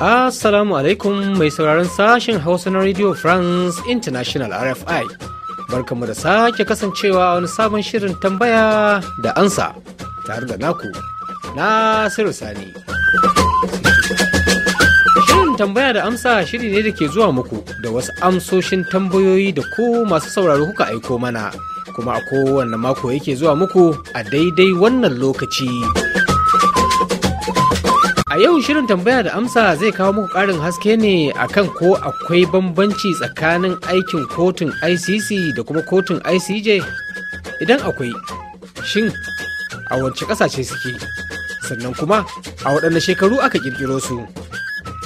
Assalamu alaikum mai sauraron sashen Hausa na Radio France International RFI. Barkamu da sake kasancewa wani sabon shirin tambaya da ansa tare da naku Nasiru Sani. tambaya da amsa shiri ne da ke zuwa muku da wasu amsoshin tambayoyi da ko masu sauraro kuka aiko mana kuma a kowane mako yake zuwa muku a daidai wannan lokaci. A yau shirin tambaya da amsa zai kawo muku ƙarin haske ne akan ko akwai bambanci tsakanin aikin kotun ICC da kuma kotun ICJ? Idan akwai, shin a wance ƙasashe suke? Sannan kuma a waɗanne shekaru aka ƙirƙiro su?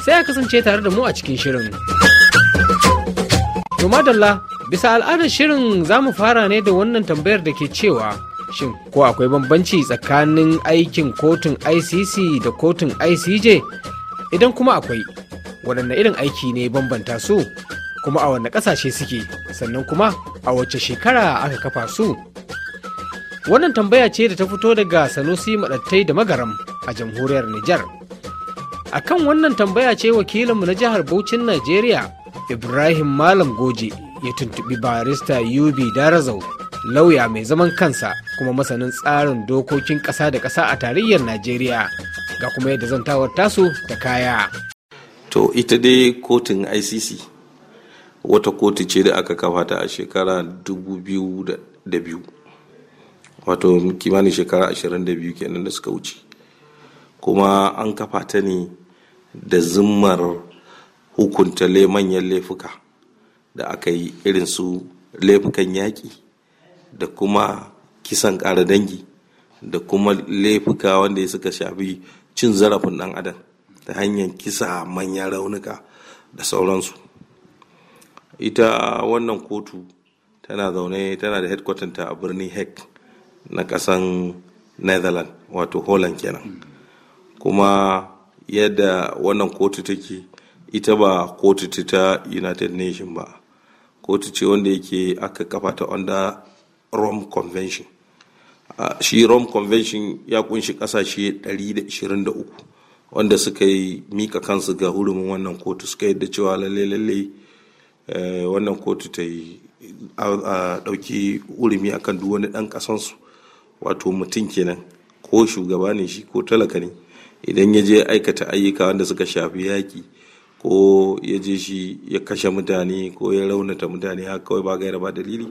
sai a kasance tare da mu a cikin shirin. To madalla bisa al'adar shirin za mu fara ne da wannan tambayar da ke cewa shin ko akwai bambanci tsakanin aikin kotun ICC da kotun ICJ idan kuma akwai waɗanne irin aiki ne bambanta su kuma a wanne ƙasashe suke sannan kuma a wacce shekara aka kafa su wannan tambaya ce da ta fito daga sanusi maɗattai da magaram a jamhuriyar Nijar. a kan wannan tambaya ce wakilinmu na jihar Bauchin Najeriya Ibrahim Malam Goje ya tuntubi barista Yubi Darazau lauya mai zaman kansa kuma masanin tsarin dokokin ƙasa da ƙasa a tarayyar Najeriya ga kuma yadda zantawar tasu da kaya. To ita dai kotun ICC wata kotu ce da aka kafa ta a shekara 2002 wato kimanin shekara 22 kenan da suka wuce kuma an kafa ta ne da zimmar hukunta manyan laifuka da aka yi irin su laifukan yaƙi da kuma kisan ƙara dangi da kuma laifuka wanda ya suka shafi cin zarafin ɗan adam da hanyar kisa manyan raunuka da sauransu ita wannan kotu tana zaune tana da ta a birnin hek na ƙasan netherlands wato holland kenan kuma yadda wannan kotu take ita ba kotu ta united nation ba kotu ce wanda yake aka kafa ta under rome convention shi rome convention ya kunshi kasashe 123 wanda suka yi mika kansu ga hurumin wannan kotu suka yadda cewa lalle lalle eh, wannan kotu ta yi a ɗauki hurumi akan duk wani dan kasansu wato mutum kenan ko shugaba ne shi ko talaka ne idan ya je aikata ayyuka wanda suka shafi yaƙi ko ya je shi ya kashe mutane ko ya raunata mutane haka kawai ba gaira ba dalili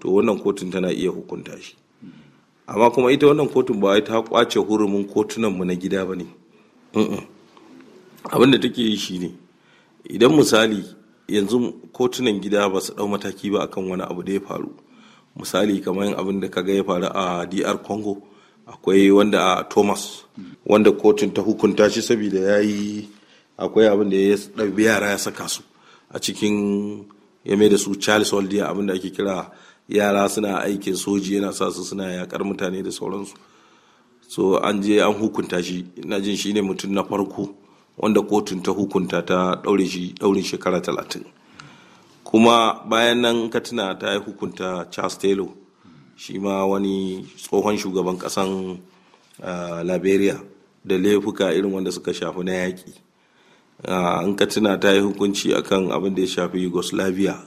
to wannan kotun tana iya hukunta shi amma kuma ita wannan kotun ba wai ta kwace hurumin kotunan mu na gida ba ne abin da take yi shi idan misali yanzu kotunan gida ba su dau mataki ba akan wani abu da ya faru misali kamar abin da kaga ya faru a dr congo akwai wanda a thomas wanda kotun ta hukunta shi saboda ya yi akwai abin da ya ɗabi yara ya saka su a cikin ya mai da su charles waldia abin da ake kira yara suna aikin soji yana sa su suna yakar mutane da sauransu so an je an hukunta shi ina jin shi ne mutum na farko wanda kotun ta hukunta ta ɗaure shi ɗaurin shekara talatin kuma bayan nan katina ta yi hukunta charles taylor shi ma wani tsohon shugaban ƙasan liberia da laifuka irin wanda suka shafi na yaƙi an ka tuna ta yi hukunci akan abin da ya shafi yugoslavia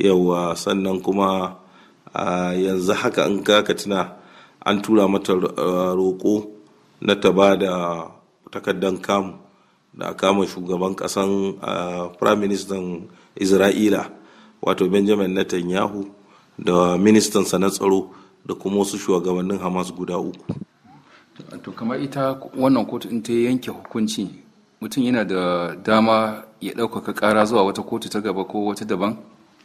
yau sannan kuma yanzu haka an ka tuna an tura mata roƙo na ta da takardar kamu da kama shugaban ƙasan prime minister isra'ila wato benjamin netanyahu da ministansa na tsaro da kuma wasu shugabannin hamas guda uku to kamar ita wannan kotu in ta yanke hukunci mutum yana da dama ya ɗaukaka ƙara zuwa wata kotu ta gaba ko wata daban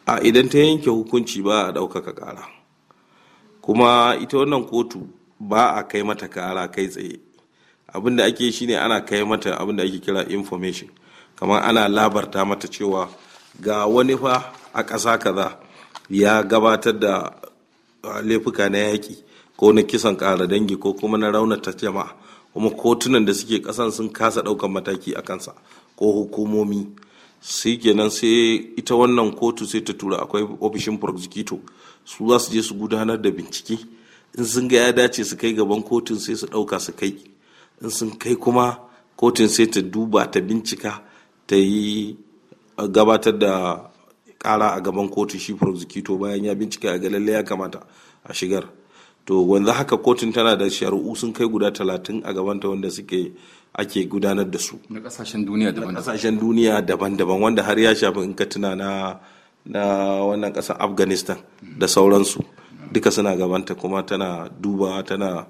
a idan ta yanke hukunci ba a ɗaukaka ƙara kuma ita wannan kotu ba a kai mata ƙara kai tsaye abin da ake shine ana kai mata abin da ake kira information kamar ana labarta mata cewa ga wani fa a ƙasa kaza ya gabatar da laifuka na yaƙi ko na kisan ƙara dangi ko kuma na raunata jama'a kuma kotunan da suke kasan sun kasa ɗaukan mataki a kansa ko hukumomi sai kenan sai ita wannan kotu sai ta tura akwai ofishin prosecutor su za su je su gudanar da bincike in sun ga ya dace su kai gaban kotun sai su ɗauka su kai in sun kai kuma kotun sai ta duba ta bincika ta yi gabatar da kara a gaban kotu shi prosecutor bayan ya bincike a galalle ya kamata a shigar to wanzu haka kotun tana da shari'u sun kai guda talatin a gabanta wanda suke ake gudanar da su na kasashen duniya daban-daban kasashen duniya daban-daban wanda har ya shafi in ka tuna na na wannan kasar afghanistan da sauransu duka suna gabanta kuma tana duba tana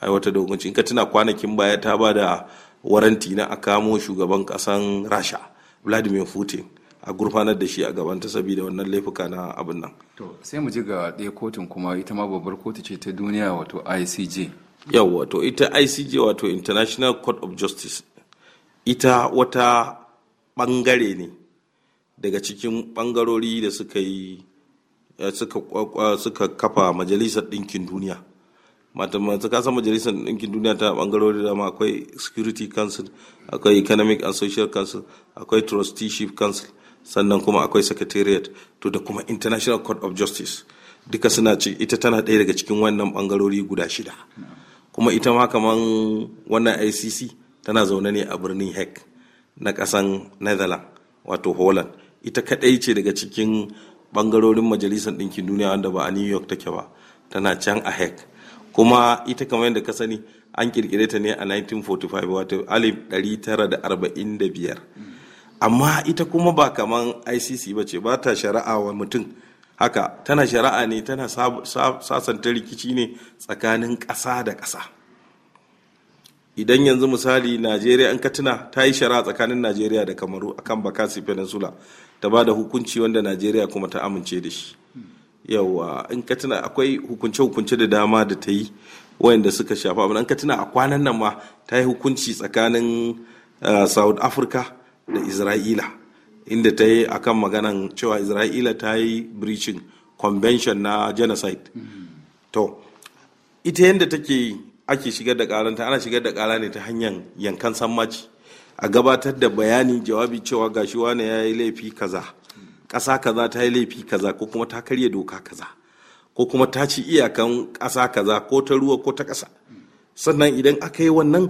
aiwata da hukunci in ka tuna kwanakin baya ta ba da waranti na a kamo shugaban kasan rasha vladimir putin a gurfanar da shi a gabanta saboda wannan laifuka na abin nan to sai mu ji ga ɗaya kotun kuma ita ma babbar kotu ce ta duniya wato ICJ Yau wato ita ICJ wato International Court of Justice ita wata bangare ne daga cikin bangarori da suka yi eh, suka kafa majalisar ɗinkin duniya mata masu kasa majalisar ɗinkin duniya ta bangarori dama akwai security council akwai economic and social council akwai trusteeship council sannan kuma akwai secretariat to da kuma international court of justice duka suna ci ita tana ɗaya daga cikin wannan bangarori guda shida kuma ita ma kaman wannan icc tana zaune ne a birnin hek na ƙasan netherlands wato holland ita kaɗai ce daga cikin bangarorin majalisar ɗinkin duniya wanda ba a new york take ba tana can a hek kuma ita kamar yadda ka sani an kirkire ta ne a 1945 wato 1945 amma ita kuma ba kamar icc ba ce ba ta shari'a wa mutum haka tana shari'a ne tana sasanta rikici ne tsakanin ƙasa da ƙasa idan yanzu misali najeriya an katina ta yi shari'a tsakanin najeriya da kamaru akan bakasi peninsula ta ba da hukunci wanda najeriya kuma ta amince da shi yawa in katina akwai hukunce-hukunce da dama da ta yi wayanda suka shafa abin an katina a kwanan nan ma ta yi hukunci tsakanin eh, south africa da isra'ila inda ta yi akan maganan cewa isra'ila ta yi breaching convention na genocide to ita yadda take ake shigar da karanta ana shigar da kara ne ta hanyar yankan sammaci a gabatar da bayani jawabi cewa gashi wane ya yi laifi kaza ƙasa kaza ta yi laifi kaza ko kuma ta karya doka kaza ko kuma ta ci iyakan ƙasa kaza ko ta ruwa ko ta ƙasa sannan idan aka yi wannan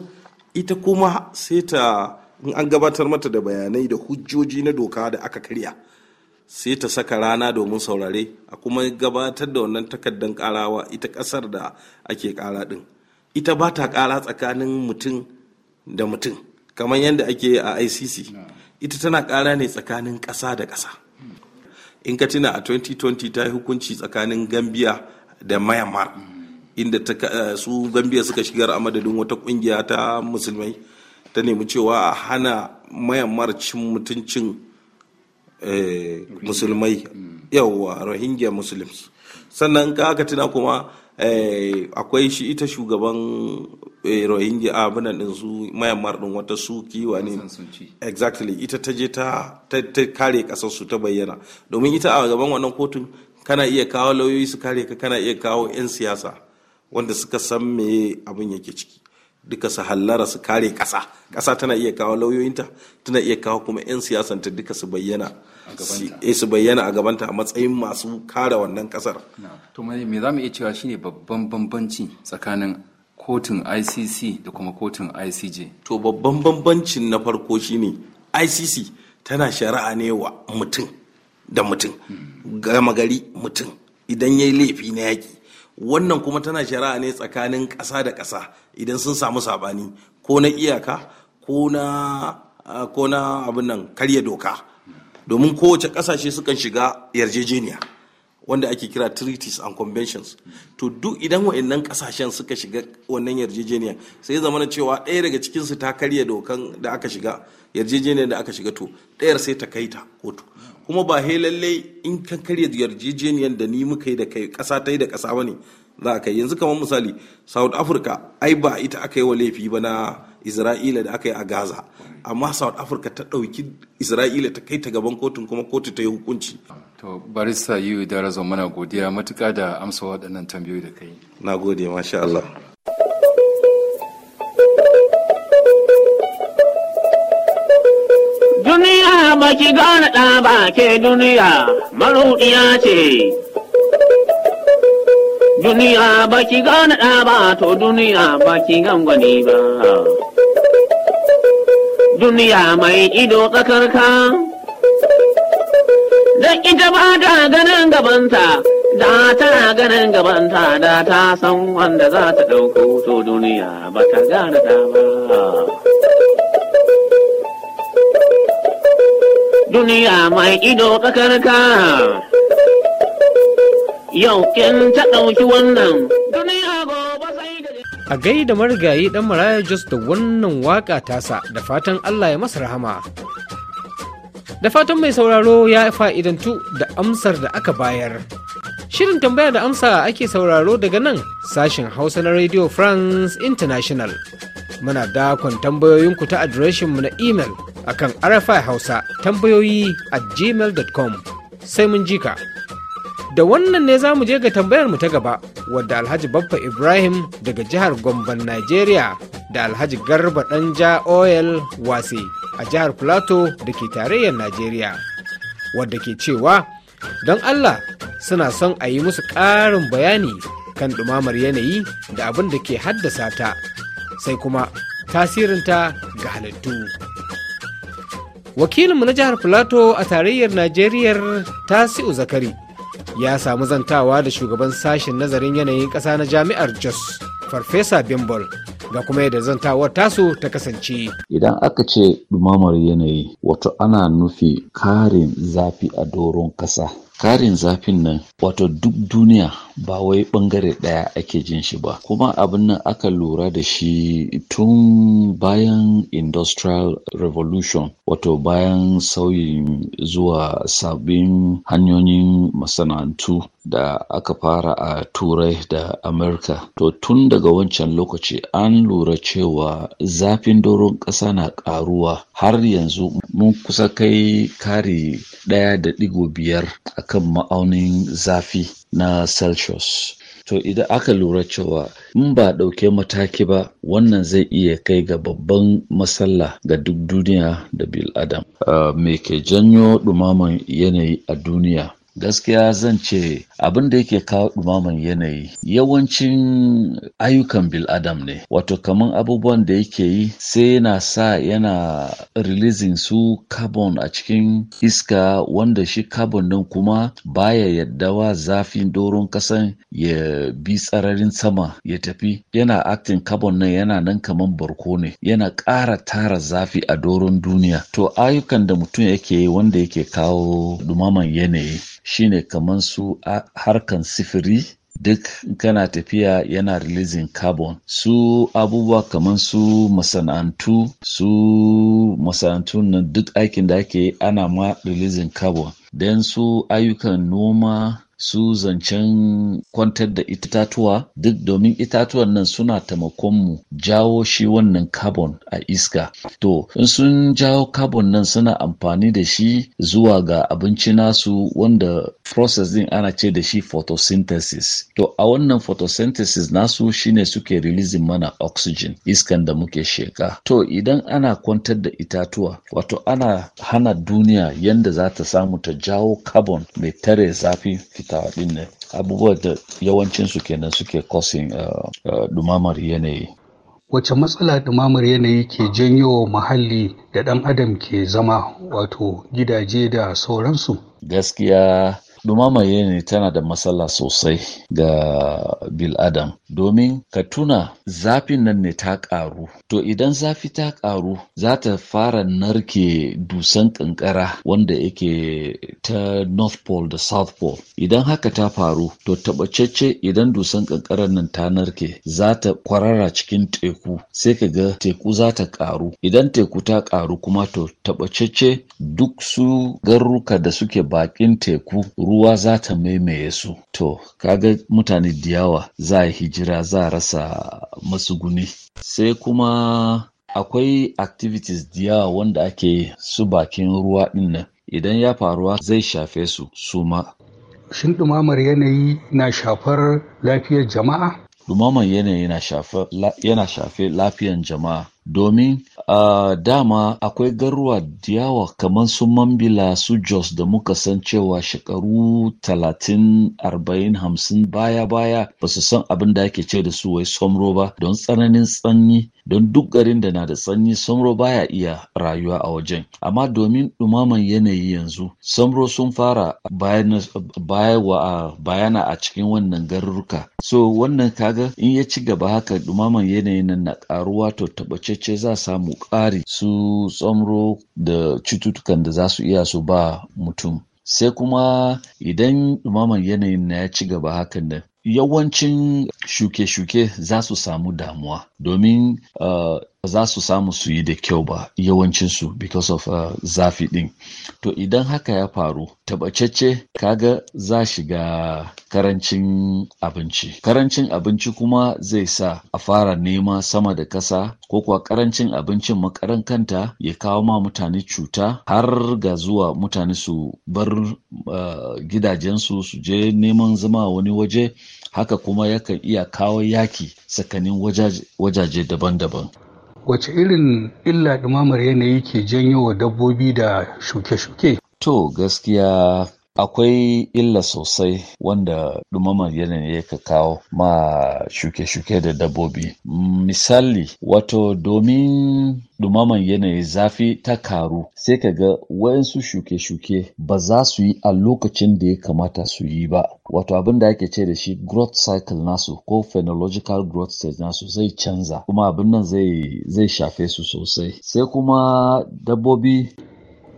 ita kuma sai ta in an gabatar mata da bayanai da hujjoji na doka da aka karya sai ta saka rana domin saurare a kuma gabatar da wannan takardar karawa ita kasar da ake kara din ita ba ta kara tsakanin mutum da mutum kamar yadda ake a icc ita tana kara ne tsakanin kasa da kasa in ka tuna a 2020 ta yi hukunci tsakanin gambia da myanmar inda eh, su gambia suka shigar a madadin wata kungiya ta musulmai ta nemi cewa a hana mayammar cin mutuncin eh, musulmai mm. yawwa rohingya muslims sannan ka aka tuna kuma eh, akwai shi ita shugaban eh, rohingya ah, abinan din su mayammar din wata suki wani exactly ita ta je ta kare kasar ta bayyana domin ita a gaban wannan kotun kana iya kawo lauyoyi su kare ka kana iya kawo 'yan siyasa wanda suka san me abin yake ciki duka su hallara su kare ƙasa ƙasa tana iya kawo lauyoyinta tana iya kawo kuma 'yan siyasanta duka su bayyana eh, su bayyana a gabanta a matsayin masu kare wannan ƙasar to me za mu iya cewa shine babban bambanci tsakanin kotun icc da kuma kotun icj to babban bambancin na farko shine icc tana shari'a ne wa mutum da mutum hmm. gama gari mutum idan ya yi laifi na yaƙi wannan kuma tana shari'a ne tsakanin ƙasa da ƙasa idan sun samu sabani ko na iyaka ko na abin nan karya doka domin kowace kasashe sukan shiga yarjejeniya wanda ake kira treaties and conventions to duk idan wa'annan kasashen suka shiga wannan yarjejeniya sai zamana cewa ɗaya daga cikinsu ta karya dokan da aka shiga yarjejeniya da aka shiga to ɗayar sai ta kai ta kotu kuma ba he lallai in kan karya yarjejeniyan da ni muka yi da kai ƙasa ta yi da kasa ba ne za a kai yanzu kamar misali south africa ai ba ita aka yi wa laifi ba na isra'ila da aka yi a gaza amma south africa ta ɗauki isra'ila ta kai ta gaban kotun kuma kotu ta yi hukunci to barista yi da razon mana godiya matuka da amsa waɗannan tambayoyi da kai na gode masha allah duniya ba ki gane ɗa ba ke duniya marudiya ce Duniya baki ki gane ɗa ba, to duniya ba ki ba. Duniya mai ido tsakarka, da ita ba ta ganin gabanta, da ta ganin gabanta, da ta san wanda za ta ɗauko, to duniya ba ta gane ɗa ba. Duniya mai ido tsakarka. Yau ta ɗauki wannan duniya da A gaida marigayi ɗan Maraya Jos da wannan waƙa tasa da fatan Allah ya masa rahama. Da fatan mai sauraro ya fa'idantu da amsar da aka bayar. Shirin tambaya da amsa ake sauraro daga nan sashen Hausa na Radio France International. Muna dakon tambayoyinku ta mu na email akan arafa hausa tambayoyi at gmail.com sai mun jika. da wannan ne za mu je ga tambayar mu ta gaba wadda alhaji baffa ibrahim daga jihar gomban najeriya da alhaji garba danja oil wase a jihar plateau da ke tarayyar najeriya wadda ke cewa don allah suna son a yi musu ƙarin bayani kan ɗumamar yanayi da abin da ke haddasa ta sai kuma tasirinta ga halittu wakilinmu na jihar plateau a tarayyar najeriya tasi'u zakari ya samu zantawa da shugaban sashen nazarin yanayin ƙasa na jami'ar jos farfesa bimbol ga kuma yadda zantawar tasu ta kasance. Idan aka ce dumamar yanayi, wato ana nufi karin zafi a doron ƙasa Karin zafin nan wato duk duniya ba wai bangare ɗaya ake jin shi ba. Kuma abin nan aka lura da shi tun bayan Industrial Revolution wato bayan sauyin zuwa sabbin hanyoyin masana'antu da aka fara a turai da amurka to tun daga wancan lokaci an lura cewa zafin doron ƙasa na ƙaruwa har yanzu mun kusa kai kari ɗaya da ɗigo biyar a kan ma'aunin zafi na celsius to idan aka lura cewa in ba ɗauke mataki ba wannan zai iya kai ga babban matsala ga duk duniya da bil adam ah, me ke janyo ɗumaman yanayi a duniya gaskiya zan ce abin da yake kawo ɗumaman yanayi yawancin ayyukan bil'adam ne wato kamar abubuwan da yake yi sai yana sa yana releasing su carbon a cikin iska wanda shi carbon nan kuma baya wa zafin doron kasan ya bi tsararin sama ya tafi yana acting carbon nan yana nan kamar barko ne yana ƙara tara zafi a doron duniya to ayyukan da mutum yake yi wanda yake kawo dumaman yanayi shine kamar su harkan sifiri duk kana tafiya yana releasing carbon su abubuwa kamar su masana'antu su masana'antu nan duk aikin da ake ana ma releasing carbon don su ayyukan noma su zancen kwantar da itatuwa duk domin itatuwan nan suna taimakon mu jawo shi wannan carbon a iska to in sun jawo carbon nan suna amfani da shi zuwa ga abinci nasu wanda process din ana ce da shi photosynthesis to a wannan photosynthesis nasu shine suke releasing mana oxygen iskan da muke sheka to idan ana kwantar da itatuwa wato ana hana duniya yanda za ta samu ta jawo carbon mai tare zafi ta din ne abubuwa da yawancinsu kenan suke kosin uh, uh, dumamar yanayi wace matsala dumamar yanayi ke janyo muhalli da ɗan adam ke zama wato gidaje da sauransu gaskiya Dumama yanayi tana da matsala sosai ga bil'adam domin ka tuna zafin nan ne ta ƙaru. To idan zafi ta ƙaru za ta fara narke dusan ƙanƙara wanda yake ta North Pole da South Pole. Idan haka ta faru to taɓacece idan dusan ƙanƙarar nan ta narke za ta kwarara cikin teku sai ka ga teku za ta ƙaru. Idan teku ta ƙaru kuma to tabbacece duk su garruka da suke bakin teku ruwa za ta maimaye su to kaga mutane da yawa za a hijira za a rasa matsuguni. sai kuma akwai activities da yawa wanda ake su bakin ruwa dinnan idan ya faruwa zai shafe su suma shin ɗumamar yanayi na shafar lafiyar jama'a ɗumaman yanayi yana shafe lafiyar jama'a domin a dama akwai garuwa diyawa kamar su mambila su jos da muka san cewa shekaru talatin arba'in hamsin baya-baya ba su san abin da ake ce da su wai somro ba don tsananin tsanyi don duk garin da na da tsanyi somro baya iya rayuwa a wajen amma domin dumaman yanayi yanzu somro sun fara bayana a cikin wannan garuruka so wannan kaga in ya ci gaba haka dumaman yanayin nan na karuwa to tabbace ce za samu ƙari su tsamro da cututtukan da za su iya su ba mutum sai kuma idan ɗumaman yanayin na ya ci gaba hakan nan yawancin shuke-shuke za su samu damuwa domin uh, ba za su samu su yi da kyau ba yawancinsu because of uh, zafi ɗin. To idan haka ya faru ka kaga za shiga karancin abinci. Karancin abinci kuma zai sa a fara nema sama da kasa ko kuwa karancin abincin makaran kanta ya kawo ma mutane cuta har ga zuwa mutane su bar uh, gidajensu su je neman zama wani waje haka kuma yakan iya kawo yaki tsakanin wajaje daban-daban. wace irin illa dumamar yanayi ke janyo wa dabbobi da shuke-shuke? To gaskiya akwai illa sosai wanda ɗumamar yanayi ya kawo ma shuke-shuke da dabbobi misali wato domin dumaman yanayi zafi ta karu sai ka ga wayansu shuke-shuke ba za su yi a lokacin da ya kamata su yi ba wato abin da ake ce da shi growth cycle nasu ko phenological growth stage nasu zai canza kuma abin nan zai shafe su sosai sai kuma dabbobi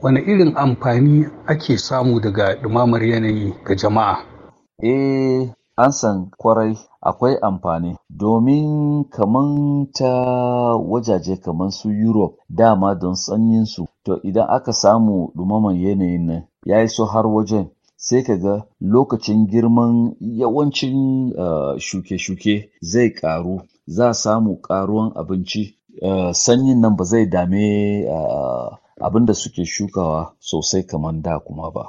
wani irin amfani ake samu daga ɗumamar yanayi ga jama'a? Eh, an san kwarai akwai amfani domin kamar ta wajaje kamar su Europe dama don sanyinsu to idan aka samu ɗumamar yanayin nan ya so har wajen sai ka ga lokacin girman yawancin eh, shuke-shuke zai ƙaru za a samu ƙaruwan abinci uh, sanyin nan ba zai dame uh, abin da suke shukawa sosai kamar da kuma ba.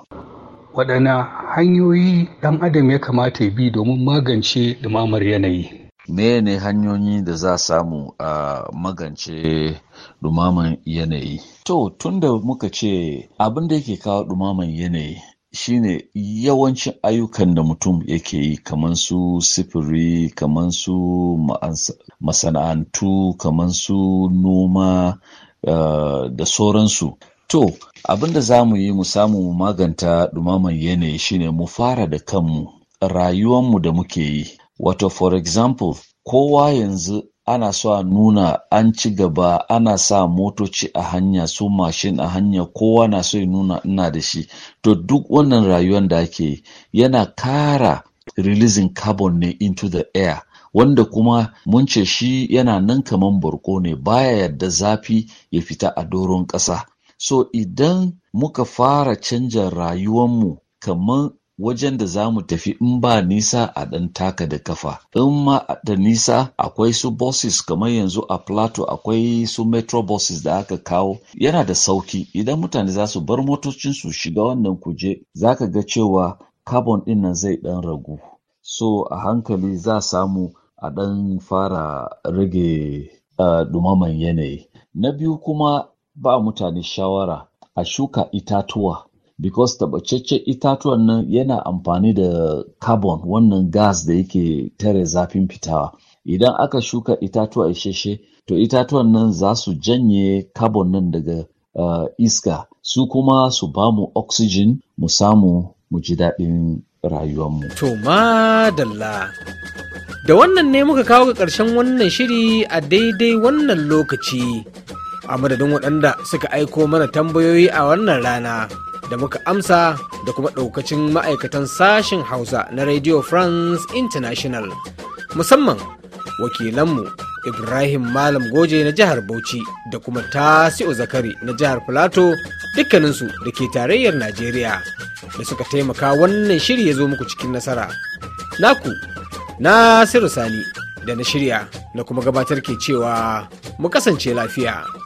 waɗanne hanyoyi ɗan adam ya kamata ya bi domin magance ɗumamar yanayi me ne hanyoyi da za samu a magance ɗumaman yanayi to tunda muka ce abin da yake kawo ɗumaman yanayi shine yawancin ayyukan da mutum yake yi kamar su sifiri kamar su masana'antu kamar su noma Eh, da sauransu to abin da za mu yi mu samu mu maganta dumaman yanayi shine mu fara da kanmu rayuwanmu da muke yi wato for example kowa yanzu ana so a nuna an ci gaba ana sa motoci a hanya su mashin a hanya kowa na so nuna ina da shi to duk wannan rayuwan da ake yi yana kara releasing carbon ne into the air wanda kuma mun ce shi yana nan kaman barko ne baya yadda zafi ya fita a doron ƙasa so idan muka fara canja rayuwanmu kaman wajen da za mu tafi in ba nisa a ɗan taka da kafa in ma da nisa akwai su buses kamar yanzu a plateau akwai su metro buses da aka kawo yana da sauki idan mutane za su bar motocin su shiga wannan kuje za ka ga cewa carbon ɗin nan zai ɗan ragu so a hankali za samu a ɗan fara rage eh, ɗumaman yanayi. Na biyu kuma ba mutane shawara a shuka itatuwa because tabbacecce itatuwan nan yana amfani da carbon wannan gas da yake tare zafin fitawa. Idan aka shuka itatuwa isheshe to itatuwan nan za su janye carbon nan daga uh, iska su kuma su bamu oxygen mu samu mu ji daɗin rayuwarmu. To madalla Da wannan ne muka kawo ga ƙarshen wannan shiri a daidai wannan lokaci. A madadin waɗanda suka aiko mana tambayoyi a wannan rana da muka amsa da kuma ɗaukacin ma'aikatan sashen Hausa na Radio France International. Musamman wakilanmu Ibrahim Malam Goje na jihar Bauchi da kuma Tasi'u Zakari na jihar Filato dukkaninsu da ke tarayyar Najeriya da suka taimaka wannan shiri ya zo muku cikin nasara. Naku Na Nasiru Sani da na shirya na kuma gabatar ke cewa mu kasance lafiya.